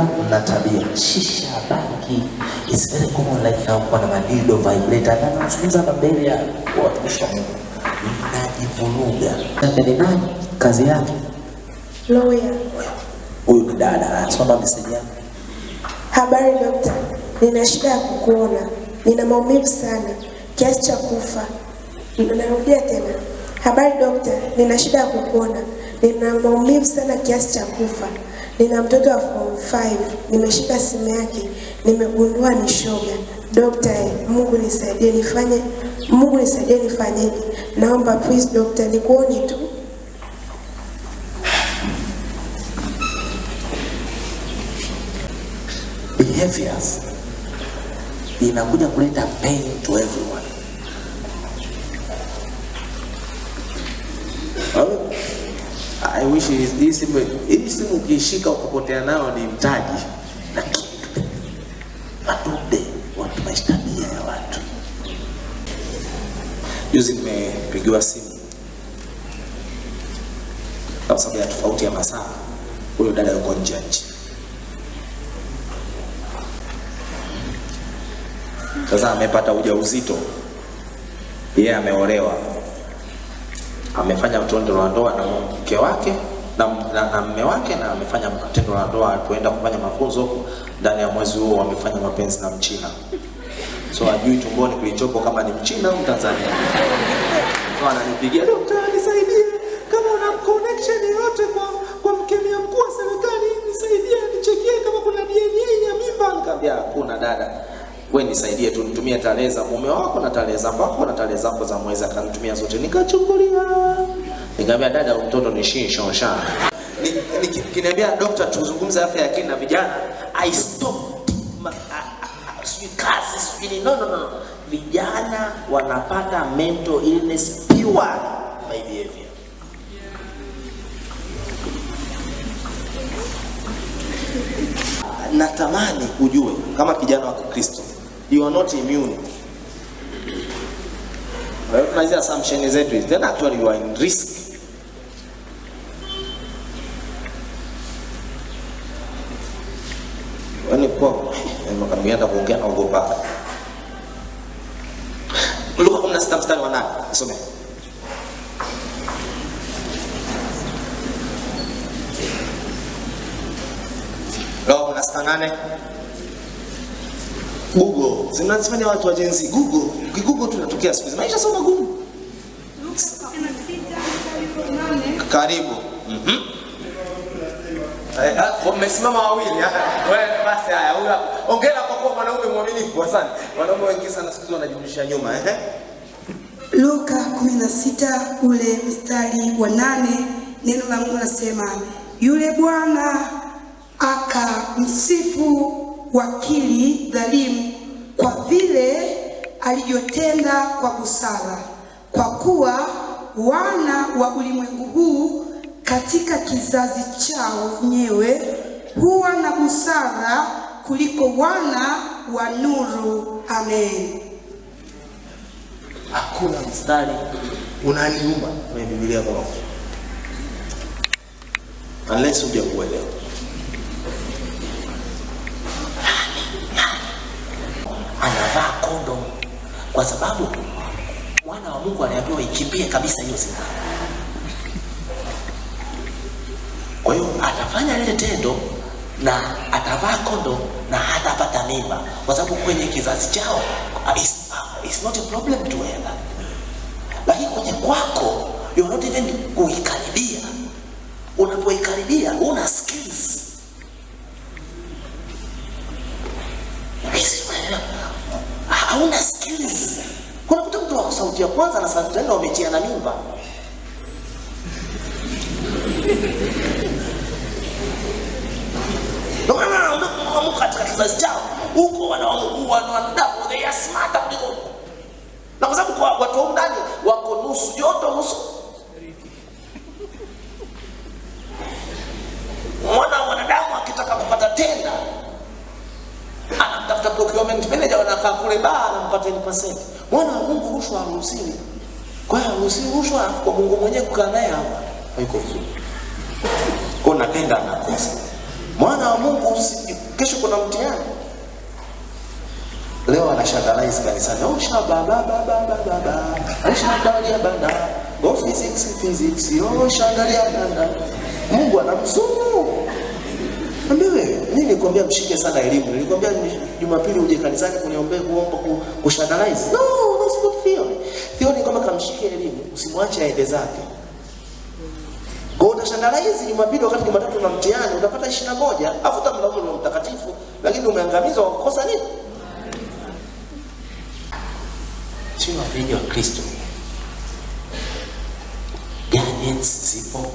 kuona na tabia shisha, bangi is very common like now. na madido vibrator na nazungumza na mbele ya watumishi wa Mungu, mnajivuruga. Ni nani kazi yake? Lawyer. Huyu ni dada, anasoma message yangu. Habari dokta, nina shida ya kukuona, nina maumivu sana kiasi cha kufa. Narudia tena. Habari dokta, nina shida ya kukuona, nina maumivu sana kiasi cha kufa nina mtoto wa form 5 nimeshika simu yake, nimegundua ni shoga. Dokta, eh, Mungu nisaidie nifanye, Mungu nisaidie nifanyeje? Naomba please daktari, nikuone tu. Behaviors inakuja kuleta pain to everyone. ushawishi. Hii simu hii simu ukiishika ukapotea nayo ni mtaji na kitu matude watu maistabia ya watu. Juzi nimepigiwa simu kwa sababu ya tofauti ya masaa, huyo dada yuko nje nchi. Sasa amepata ujauzito, yeye ameolewa amefanya tendo la ndoa na mke wake na, na, na wake na amefanya tendo la ndoa alipoenda kufanya mafunzo huko. Ndani ya mwezi huo wamefanya mapenzi na Mchina, so ajui tumboni kilichopo kama ni Mchina au Mtanzania. So ananipigia daktari, nisaidie kama una connection yoyote kwa kwa mkemia mkuu wa serikali, nisaidie nichekie kama kuna DNA ya mimba. Nikamwambia hakuna dada wewe nisaidie tu nitumie tarehe za mume wako na tarehe za wako na tarehe zako za mwezi. Akanitumia zote nikachukulia, nikamwambia dada, mtoto ni shin shosha. Nikiniambia ni, dokta, tuzungumze afya ya akili na vijana, I stop sijui kazi sijui no, no, no. Vijana wanapata mental illness pure by behavior. Natamani ujue kama kijana wa Kikristo you are not immune. Tunazia assumption zetu, then actually you are in risk. Yaani yaani Luka 16 Google zinazifanya watu wa jenzi. Google ukigugo tunatokea siku hizi maisha sio magumu. Karibu mmesimama mhm. eh, ah, wawili, ah. basi haya, ongea kwa kuwa mwanaume mwaminifu sana. Wanaume wengi sana siku hizi wanajirudisha nyuma. Eh, eh. Luka 16 ule mstari wa nane, neno la Mungu nasema yule bwana akamsifu wakili dhalimu kwa vile alivyotenda kwa busara, kwa kuwa wana wa ulimwengu huu katika kizazi chao wenyewe huwa na busara kuliko wana wa nuru. Amen. Hakuna mstari unaniuma kwenye Biblia unless hujakuelewa anavaa kondo kwa sababu mwana wa Mungu aliambiwa ikimbie kabisa hiyo zina. Kwa hiyo atafanya lile tendo na atavaa kondo na hatapata mimba, kwa sababu kwenye kizazi chao uh, it's, uh, it's not a problem to have, lakini kwenye kwako you're not even kuikaribia. Unapoikaribia una skills hauna skills. Kuna mtu mtu wa sauti ya kwanza na sauti ya nne wamejiana mimba. Ndio maana unapokuwa katika kizazi chao huko wanaougua na wanadamu they are smarter kuliko huko. Na kwa sababu kwa watu wa ndani wako nusu joto nusu mwana wanadamu akitaka kupata tenda hata procurement manager wanakaa kule baa anampata ile percent. Mwana wa Mungu rushwa haruhusiwi. Kwa hiyo haruhusiwi rushwa kwa Mungu mwenyewe kukaa naye hapa. Haiko vizuri. Kwa napenda anakosa. Mwana wa Mungu kesho kuna mtihani. Leo anashandalize kanisani. Oh shaba ba ba ba ba ba. Anashandalia banda. Go physics physics. Oh shangalia banda. Mungu anamsumu. Ambiwe. Mimi nikwambia mshike sana elimu. Nilikwambia Jumapili uje kanisani kuniombea kuomba kushadalize. No, that's not theory. Theory kama kamshike elimu, usimwache aende zake. Kwa utashadalize Jumapili wakati Jumatatu na mtihani utapata 21, alafu utamlaumu Roho Mtakatifu, lakini umeangamizwa kwa kukosa nini? Sio wa Kristo. Gadgets zipo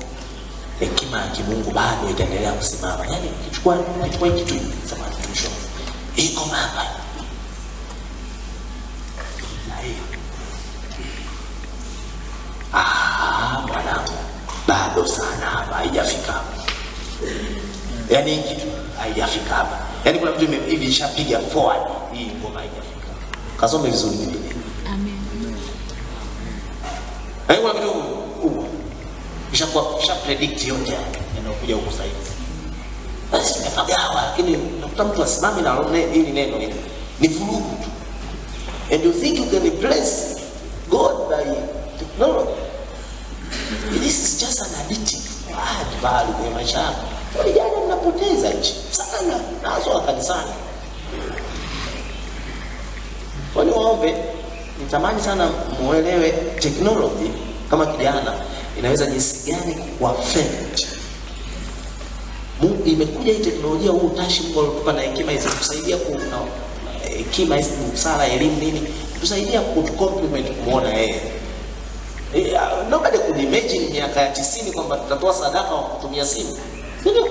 hekima ya kimungu bado itaendelea kusimama. Yaani kichukua kichukua kitu samani tusho iko hapa ah, mwanangu, bado sana hapa, haijafika yaani hii kitu haijafika hapa, yani kuna vitu hivi ishapiga forward, hii ngoma haijafika. Kasome vizuri Biblia, amen. Yaani, kisha predict yote yanayokuja huko sasa hivi, basi nimepagawa, Lakini nakuta mtu asimame na hili neno, hili ni vurugu tu, and you think you can replace God by technology. This is just an additive bad bad kwenye maisha yako. Vijana mnapoteza nchi sana, nazo wakanisana kwani waombe. Nitamani sana muelewe technology kama kijana inaweza jinsi gani kuaffect. Mungu imekuja hii teknolojia, huu utashi Mungu alikupa na hekima hizi kusaidia ku na hekima hizi, busara, elimu, nini kusaidia ku compliment kumuona yeye. Eh, nobody could imagine miaka ya 90 kwamba tutatoa sadaka kwa kutumia simu. Sio?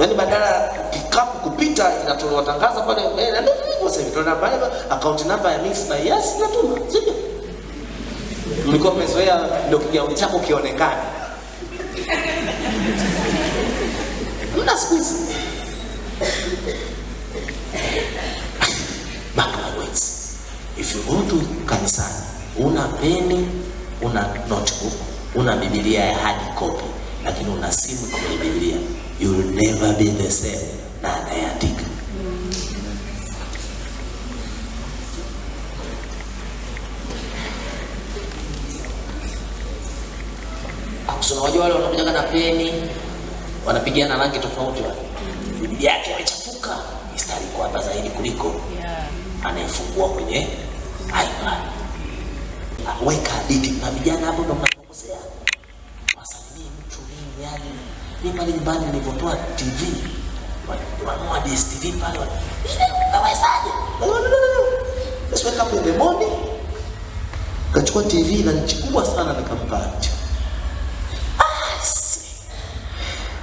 yani badala kikapu kupita inatolewa tangaza pale mbele, ndio hivyo sasa, hivi tunaona pale account number ya Mixx na yes, natuma. Sio? ulikuwa umezoea ndio kigauni chako kionekane. Mna skuzi hizi kanisani una peni, una notebook, una bibilia ya hadi kopi lakini una simu kwenye bibilia you never be the same na anayeandika kusoma. Unajua wale wanakuja na peni wanapigana rangi tofauti, wale bibi yake amechafuka mistari kwa hapa zaidi kuliko Yeah. anayefungua kwenye iPad. Aweka hadithi na vijana hapo, ndo mnakosea Sasa wasanii mtu mimi, yani mimi pale nyumbani nilipotoa TV wanua DSTV pale, nawezaje? Siweka pembemoni, kachukua TV na nchi kubwa sana nikampa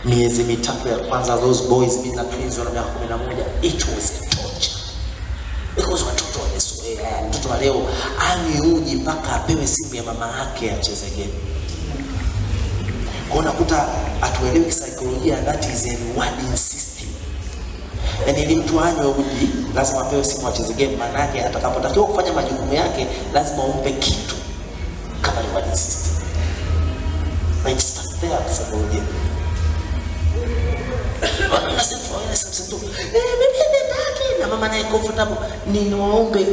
miezi mitatu ya kwanza those boys bila Prince wana miaka kumi na moja it was a torture because watoto wamezoea. Mtoto wa leo ani uji mpaka apewe simu ya mama yake acheze game, kwa unakuta atuelewe kisaikolojia, that is a rewarding system, yani ni mtu anywe uji lazima apewe simu acheze game, maana yake atakapotakiwa kufanya majukumu yake lazima umpe kitu kama rewarding system, na it's there kisaikolojia watu nasema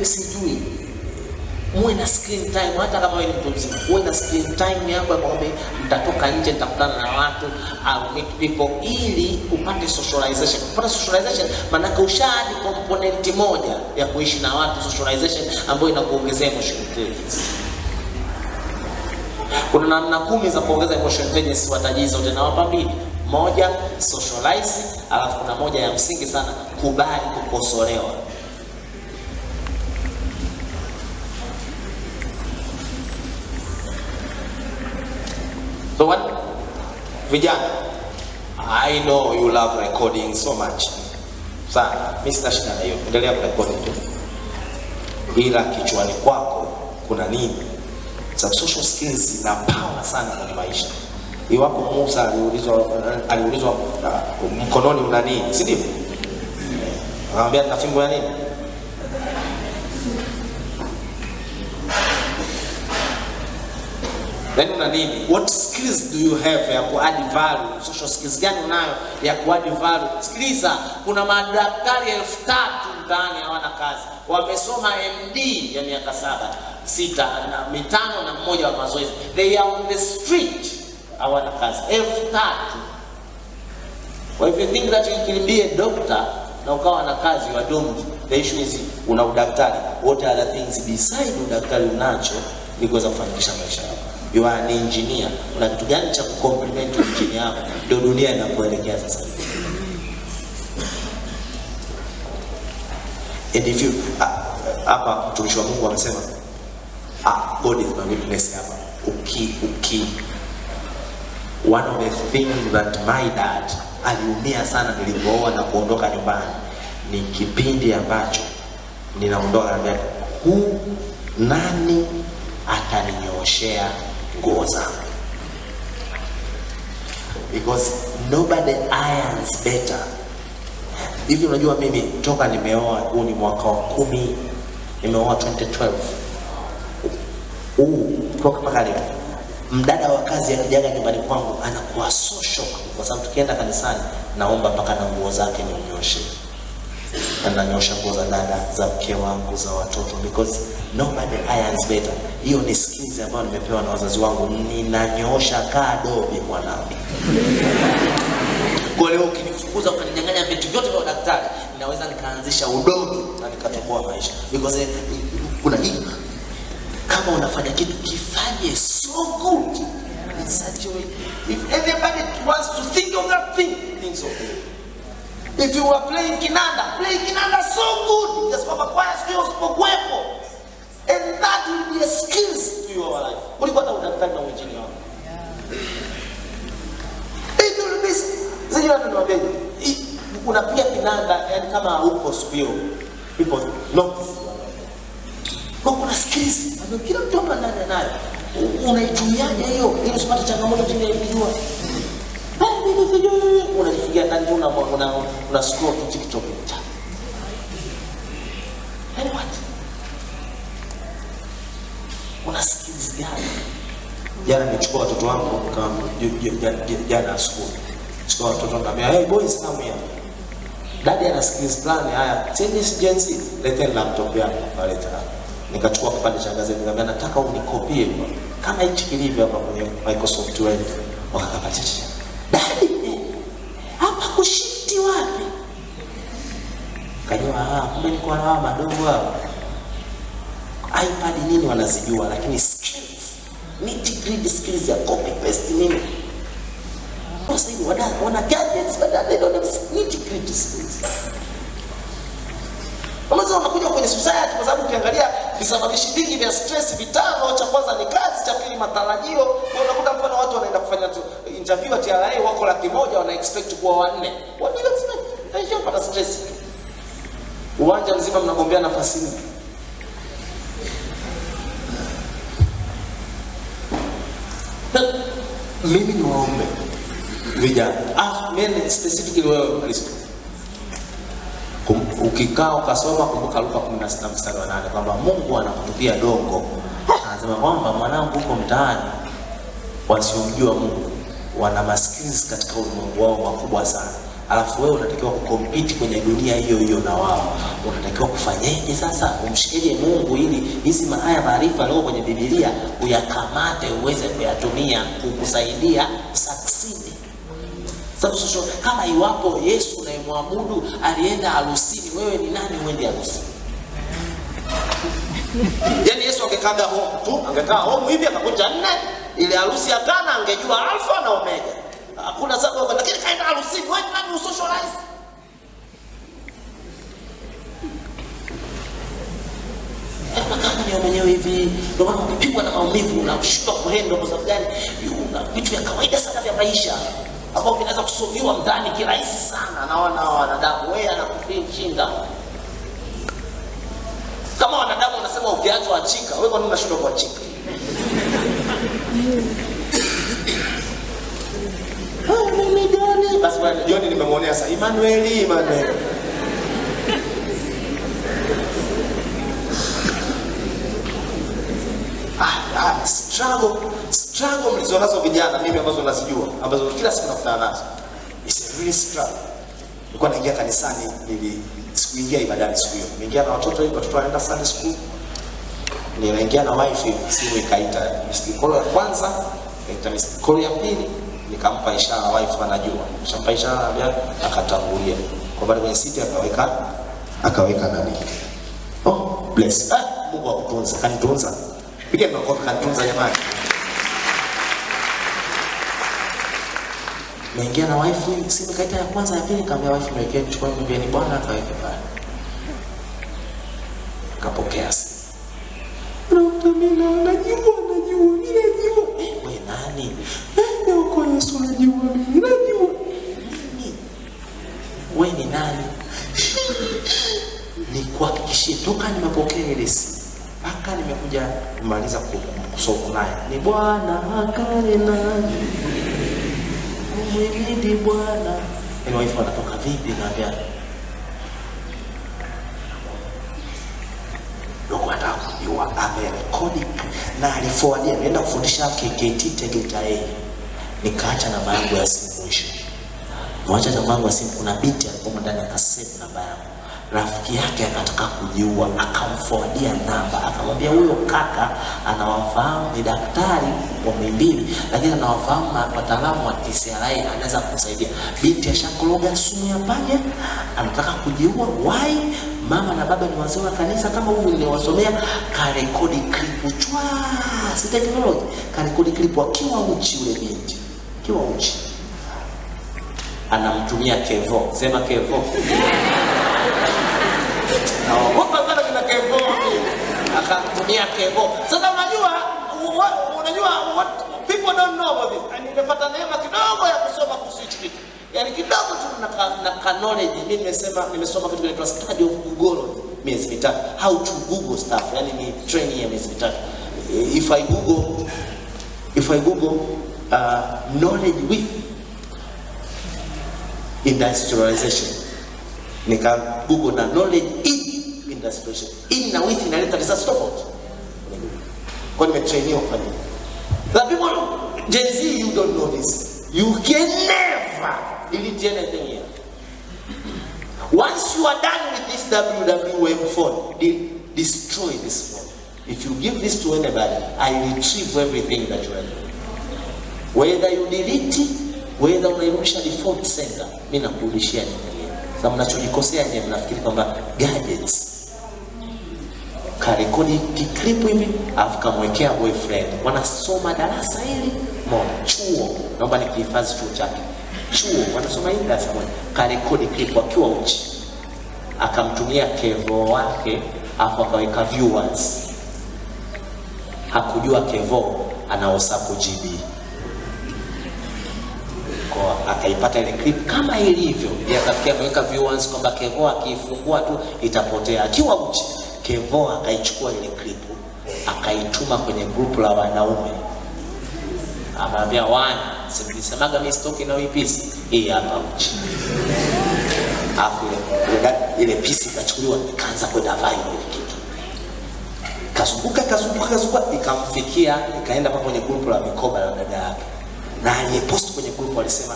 sijui muwe na screen time, hata kama wewe ni mtu mzima, uwe na screen time yako ya kwamba mtatoka nje, mtakutana na watu au meet people, ili upate socialization. Kupata socialization maana usha ni component moja ya kuishi na watu, socialization ambayo inakuongezea emotional intelligence. Kuna namna kumi za kuongeza emotional intelligence, watajiza wote mbili moja socialize, alafu kuna moja ya msingi sana, kubali kukosolewa. So what vijana, I know you love recording so much sana, mimi sina shida na hiyo, endelea kurekodi tu, ila kichwani kwako kuna nini? Sababu social skills zina power sana kwenye maisha. Iwapo Musa aliulizwa aliulizwa ah, mkononi una nini, si ndivyo? Anamwambia na fimbo ya nini? Then yaani una nini? What skills do you have ya ku add value? Social skills gani unayo ya ku add value? Sikiliza, kuna madaktari elfu tatu ndani hawana kazi, wamesoma MD ya miaka saba sita na mitano na mmoja wa mazoezi, they are on the street hawana kazi elfu tatu. Kwa hivyo you think that you can be a doctor na ukawa na kazi wa dongi, the issue is una udaktari. What are the things beside udaktari unacho ili kuweza kufanikisha maisha yako? You are an engineer, una kitu gani cha kucompliment engineer yako? Ndio dunia inakuelekea sasa And if you ah, hapa mtumishi wa Mungu amesema, ah, God is my witness hapa uki uki One of the things that my dad aliumia sana nilivyooa na kuondoka nyumbani ni kipindi ambacho ninaondoka na huu, nani ataninyoshea nguo zangu? Because nobody irons better. Hivi unajua mimi toka nimeoa, huu ni mwaka wa kumi, nimeoa 2012 huu toka mpaka leo mdada wa kazi akijaga nyumbani kwangu anakuwa so shock, kwa sababu tukienda kanisani naomba mpaka na nguo zake ninyoshe, nanyosha nguo za dada za mke wangu za watoto, because nobody irons better. Hiyo ni skills ambayo nimepewa na wazazi wangu, ninanyosha kadobe mwanangu. Kwa leo ukinifukuza ukaninyang'anya vitu vyote vya daktari, ninaweza nikaanzisha udogo na nikatoboa maisha because eh, kuna hii kama unafanya kitu kifanye so good in such a way if anybody wants to think of that thing think so good if you are playing kinanda play kinanda so good just kwamba kwaya siku hiyo usipokuwepo and that will be a skills to your life kuliko hata udaktari na uinjini wako it will be sijui hata niwaambie unapiga kinanda yani kama uko siku people notice kwa kuna skills ambayo kila mtu hapa ndani anayo. Unaitumiaje hiyo ili usipate changamoto chini ya kujua? Eh, unafikia ndani una una una score tu TikTok. cha Hey, what? Una skills gani? Jana nimechukua watoto wangu kama jana asubuhi. Chukua watoto wangu kama hey boys come here. Dadi ana skills fulani haya. Tennis jensi, leteni laptop yako, waleta hapa nikachukua kipande cha gazeti, nikamwambia nataka unikopie kama hichi kilivyo hapa kwenye Microsoft Word. Wakakamatisha hapa kushifti wapi? Kajua ah, kumbe niko na hawa madogo hapa, iPad nini wanazijua, lakini skills nitty gritty skills ya copy paste nini kwa hivi wana wana gadgets but they don't have nitty gritty skills Unaweza unakuja kwenye society kwa sababu ukiangalia visababishi vingi vya stress vitano, cha kwanza ni kazi, cha pili matarajio. Kwa unakuta mfano watu wanaenda kufanya interview at TRA wako laki moja wana expect kuwa wanne. What do you expect? stress. Uwanja mzima mnagombea nafasi nne. Mimi niwaombe vijana, ah, mimi specifically wewe Kristo Ukikaa ukasoma, kumbuka Luka 16 mstari wa 8 kwamba Mungu anakutupia dongo, anasema kwamba mwanangu, huko mtaani wasiomjua Mungu wana maskills katika ulimwengu wao makubwa sana, alafu wewe unatakiwa kukompiti kwenye dunia hiyo hiyo na wao. Unatakiwa kufanyaje sasa? Umshikilie Mungu ili hizi haya maarifa leo kwenye Biblia uyakamate, uweze kuyatumia kukusaidia sasa sababu sio kama iwapo Yesu unayemwabudu alienda harusini, wewe ni nani uende harusini? Yaani Yesu angekaa home tu, angekaa home hivi akakunja nne ile harusi ya Kana, angejua alfa na omega. Hakuna sababu, lakini kaenda harusini, wewe ni nani usocialize? Yaani mwenyewe hivi, ndio maana ukipigwa na maumivu na kushindwa kurendo, kwa sababu gani? Vitu vya kawaida sana vya maisha ambao kinaweza kusomiwa mtaani kirahisi sana na wana wanadamu. Wewe anakufi mchinga kama wanadamu wanasema ukiacha wachika wewe kwani unashindwa kuachika? Basi Joni nimemwonea sasa, Emmanuel Emmanuel ah, struggle struggle mlizonazo vijana, mimi ambazo nazijua, ambazo kila siku nakutana nazo, it's a real struggle. Nilikuwa naingia kanisani, nili sikuingia ibadani siku hiyo, niingia na watoto hivi, watoto wanaenda Sunday school, ninaingia na wife, simu ikaita missed call ya kwanza, ikaita missed call ya pili, nikampa ishara wife, anajua nishampa ishara, anambia akatangulia kwa bali kwenye siti, akaweka akaweka nani, oh bless, ah, Mungu akutunza, kanitunza Piga makofi katunza jamani. Naingia na wife, simu kaita ya kwanza ya pili, nikamwambia wife nimekea nichukue niambia ni bwana akaweke pale. Kapokea simu. Dokta mimi najua najua mimi najua. Eh, wewe nani? Eh, leo kwa Yesu najua mimi najua. Wewe ni nani? Nikuhakikishie toka nimepokea ile simu kuja kumaliza kusoma naye ni Bwana akale nami umwimidi Bwana. Yaani waifu anatoka vipi? Naambia dogo anataka kujua, amerekodi na alifowadia, nienda kufundisha KKT Tegeta yeye, nikaacha namba yangu ya simu mwisho, mwacha namba yangu ya simu, kuna binti alikuwa ndani akasema namba yangu rafiki yake akataka kujiua, akamfordia namba, akamwambia huyo kaka anawafahamu, ni daktari wa Muhimbili, lakini anawafahamu na wataalamu wa TCRA, anaweza kusaidia. Binti ashakoroga sumu ya panya, anataka kujiua. Wai mama na baba ni wazee wa kanisa kama huyu niliwasomea, karekodi klipu chwa, si teknoloji, karekodi klipu akiwa uchi, ule binti akiwa uchi, anamtumia Kevo, sema Kevo Kumbe sana kuna Kevo akatumia Sasa unajua unajua people don't know about this. Nimepata neema kidogo ya kusoma kuhusu hichi kitu. Yaani kidogo tu na na knowledge mimi nimesema nimesoma kitu kinaitwa study of Google miezi mitatu. How to Google stuff. Yaani ni training ya miezi mitatu. If I Google if I Google uh, knowledge with industrialization. Nika Google na knowledge na situation. In na with inaleta results tofauti. Kwa nimetrainiwa kwa nini? The people Gen Z you don't know this. You can never delete anything here. Once you are done with this WWM phone, destroy this phone. If you give this to anybody, I retrieve everything that you have done. Whether you delete it, whether unairudisha default center, mimi nakurudishia nini? Sababu mnachojikosea nyewe mnafikiri kwamba gadgets karekodi kiklipu hivi alafu kamwekea boyfriend. Wanasoma darasa hili moja chuo, naomba nikihifadhi chuo chake, chuo wanasoma hili darasa moja, karekodi klipu akiwa uchi, akamtumia kevo wake, afu akaweka viewers. Hakujua kevo ana WhatsApp GB akaipata ile clip kama ilivyo, akafikia akaweka viewers kwamba kevo akiifungua tu itapotea akiwa uchi. Kevo akaichukua ile clip akaituma kwenye grupu la wanaume, amwambia wana, si mlisemaga mimi sitoki na hii pisi hii eh, hapa uchi afu ile pisi ikachukuliwa ikaanza kwenda vai kwenye kitu, kazunguka kazunguka kazunguka, ikamfikia ikaenda mpaka kwenye grupu la mikoba la dada yake, na aliyepost kwenye grupu alisema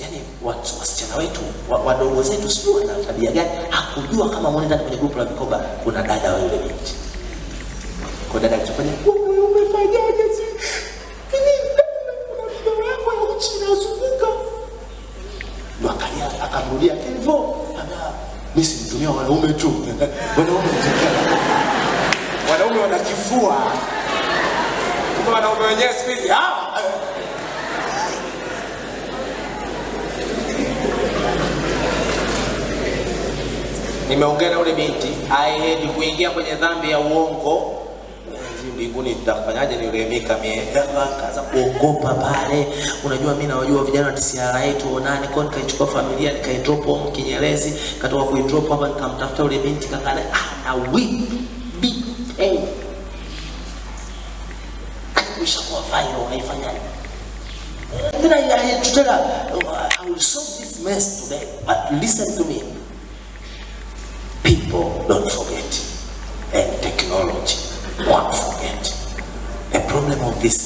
yani watu wasichana wetu wadogo zetu sio wana tabia gani? Hakujua kama muone ndani kwenye grupu la mikoba kuna dada wa yule binti. Kwa dada akifanya umefanyaje akamrudia simtumia wanaume tu. Wanaume wanaume wanakifua. Kwa wanaume wenyewe siku hizi ah Nimeongea na yule binti aeheji kuingia kwenye dhambi ya uongo. Mbinguni nitafanyaje? Niulemika mie kaza kuogopa pale. Unajua, mi nawajua vijana wa TCRA yetu onani kwa, nikaichukua familia nikaidrop home Kinyerezi, katoka kuidrop hapa nikamtafuta yule binti kakale, ah, na wibi hey. Ushakuwa viral unaifanyaje? Eh, then I, I, I, oh, I will solve this mess today, but listen to me don't forget. And technology, don't forget. The problem of this,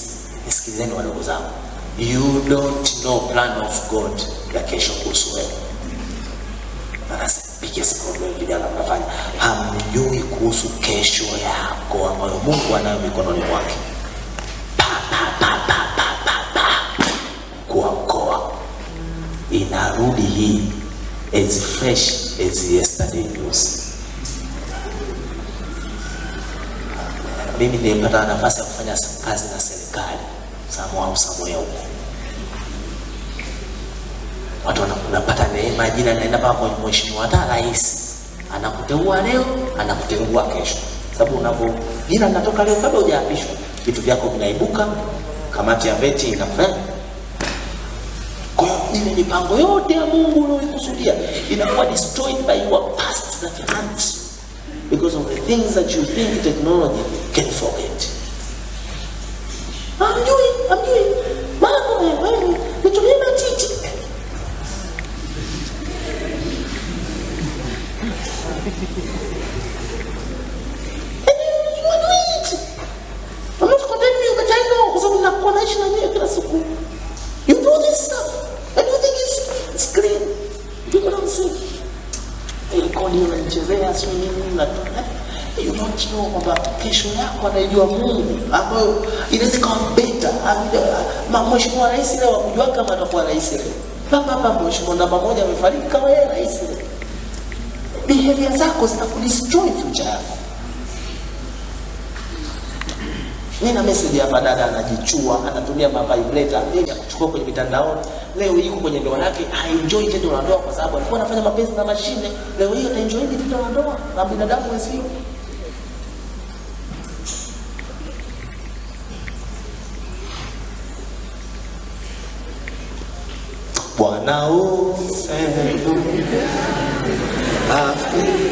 nisikilizeni wadogo zangu, you don't know plan of God ya kesho kuhusu wewe. That's the biggest problem vijana mnafanya, hamjui kuhusu kesho yako ambayo Mungu anayo mikononi mwake. Mkuu wa mkoa, inarudi hii as fresh as yesterday news. mimi nilipata nafasi ya kufanya kazi na serikali Samoa au Samoya huko, watu wanapata neema, jina naenda mpaka kwa mheshimiwa, hata rais anakuteua leo, anakuteua kesho, sababu unapo jina linatoka leo, kabla hujaapishwa vitu vyako vinaibuka, kamati ya veti inafanya ile mipango yote ya Mungu unayokusudia inakuwa destroyed by your past that you because of the things that you think technology can forget. wa Mungu ambayo inaweza ikawa beta. Mheshimiwa Rais leo hakujua kama atakuwa rais leo, papa baba, mheshimiwa namba moja amefariki, kama yeye rais leo, behavior zako zitakudestroy future yako. Nina message hapa, dada anajichua, anatumia mavibrator nini akuchukua kwenye mitandao. Leo yuko kwenye ndoa yake, haenjoy tendo la ndoa kwa sababu alikuwa anafanya mapenzi na mashine. Leo hiyo ataenjoy tendo la ndoa na binadamu wenzio. Manaus é do...